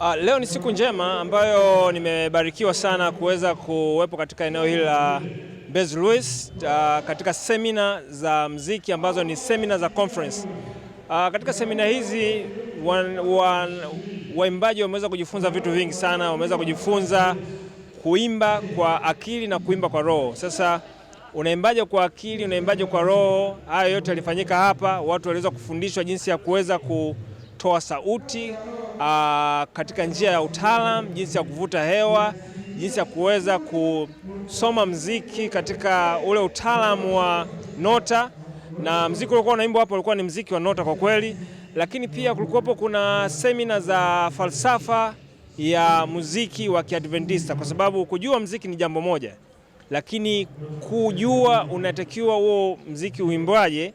Uh, leo ni siku njema ambayo nimebarikiwa sana kuweza kuwepo katika eneo hili la Mbezi Luis uh, ah, katika semina za mziki ambazo ni semina za conference. Uh, katika semina hizi waimbaji wameweza kujifunza vitu vingi sana, wameweza kujifunza kuimba kwa akili na kuimba kwa roho. Sasa unaimbaje kwa akili, unaimbaje kwa roho? Hayo yote yalifanyika hapa, watu waliweza kufundishwa jinsi ya kuweza ku kutoa sauti aa, ah, katika njia ya utaalam, jinsi ya kuvuta hewa, jinsi ya kuweza kusoma mziki katika ule utaalamu wa nota, na mziki uliokuwa unaimbwa hapo ulikuwa ni mziki wa nota kwa kweli, lakini pia kulikuwepo kuna semina za falsafa ya muziki wa Kiadventista, kwa sababu kujua mziki ni jambo moja, lakini kujua unatakiwa huo mziki uimbwaje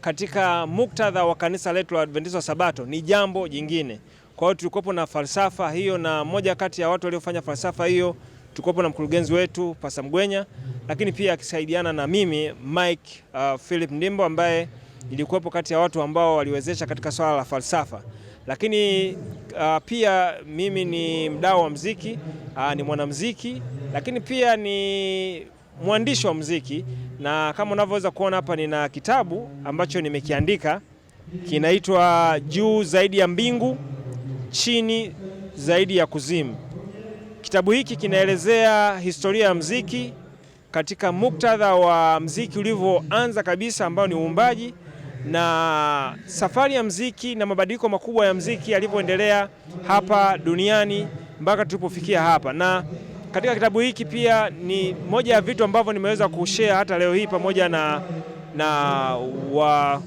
katika muktadha wa kanisa letu la Adventista Sabato ni jambo jingine. Kwa hiyo tulikuwepo na falsafa hiyo, na moja kati ya watu waliofanya falsafa hiyo tulikuwepo na mkurugenzi wetu Pasa Mgwenya, lakini pia akisaidiana na mimi Mike uh, Philip Ndimbo ambaye nilikuwepo kati ya watu ambao waliwezesha katika swala la falsafa. Lakini uh, pia mimi ni mdau wa mziki uh, ni mwanamziki, lakini pia ni mwandishi wa muziki na kama unavyoweza kuona hapa, nina kitabu ambacho nimekiandika kinaitwa Juu Zaidi ya Mbingu, Chini Zaidi ya Kuzimu. Kitabu hiki kinaelezea historia ya muziki katika muktadha wa muziki ulivyoanza kabisa, ambao ni uumbaji na safari ya muziki na mabadiliko makubwa ya muziki yalivyoendelea hapa duniani mpaka tulipofikia hapa na katika kitabu hiki pia ni moja ya vitu ambavyo nimeweza kushare hata leo hii pamoja na, na, wa,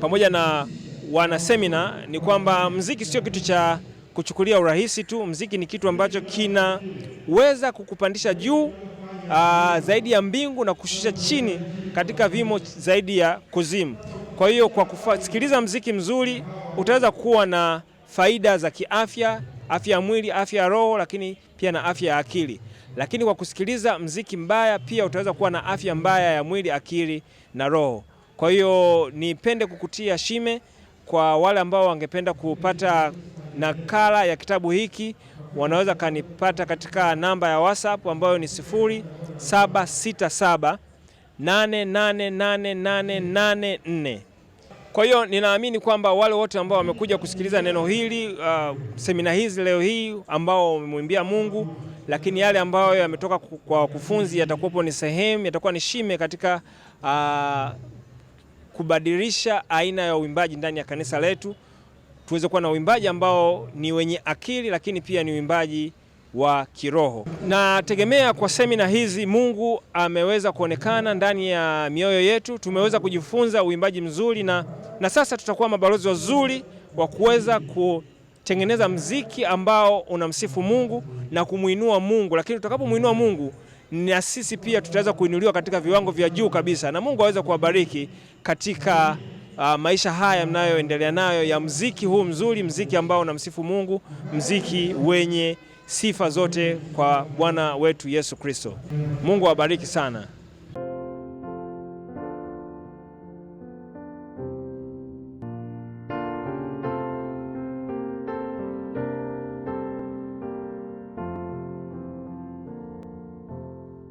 pamoja na wana semina ni kwamba mziki sio kitu cha kuchukulia urahisi tu. Mziki ni kitu ambacho kinaweza kukupandisha juu aa, zaidi ya mbingu na kushusha chini katika vimo zaidi ya kuzimu. Kwa hiyo kwa kusikiliza mziki mzuri utaweza kuwa na faida za kiafya afya ya mwili, afya ya roho, lakini pia na afya ya akili. Lakini kwa kusikiliza mziki mbaya pia utaweza kuwa na afya mbaya ya mwili, akili na roho. Kwa hiyo nipende kukutia shime kwa wale ambao wangependa kupata nakala ya kitabu hiki wanaweza kanipata katika namba ya WhatsApp ambayo ni 0767 888884. Kwa hiyo ninaamini kwamba wale wote ambao wamekuja kusikiliza neno hili uh, semina hizi leo hii ambao wamemwimbia Mungu, lakini yale ambayo yametoka kwa wakufunzi yatakuwapo ni sehemu, yatakuwa ni shime katika uh, kubadilisha aina ya uimbaji ndani ya kanisa letu, tuweze kuwa na uimbaji ambao ni wenye akili, lakini pia ni uimbaji wa kiroho. Nategemea kwa semina hizi Mungu ameweza kuonekana ndani ya mioyo yetu, tumeweza kujifunza uimbaji mzuri na, na sasa tutakuwa mabalozi wazuri wa kuweza kutengeneza mziki ambao unamsifu Mungu na kumwinua Mungu, lakini tutakapomwinua Mungu na sisi pia tutaweza kuinuliwa katika viwango vya juu kabisa, na Mungu aweze kuwabariki katika uh, maisha haya mnayoendelea nayo ya mziki huu mzuri, mziki ambao unamsifu Mungu, mziki wenye Sifa zote kwa Bwana wetu Yesu Kristo. Mungu awabariki sana.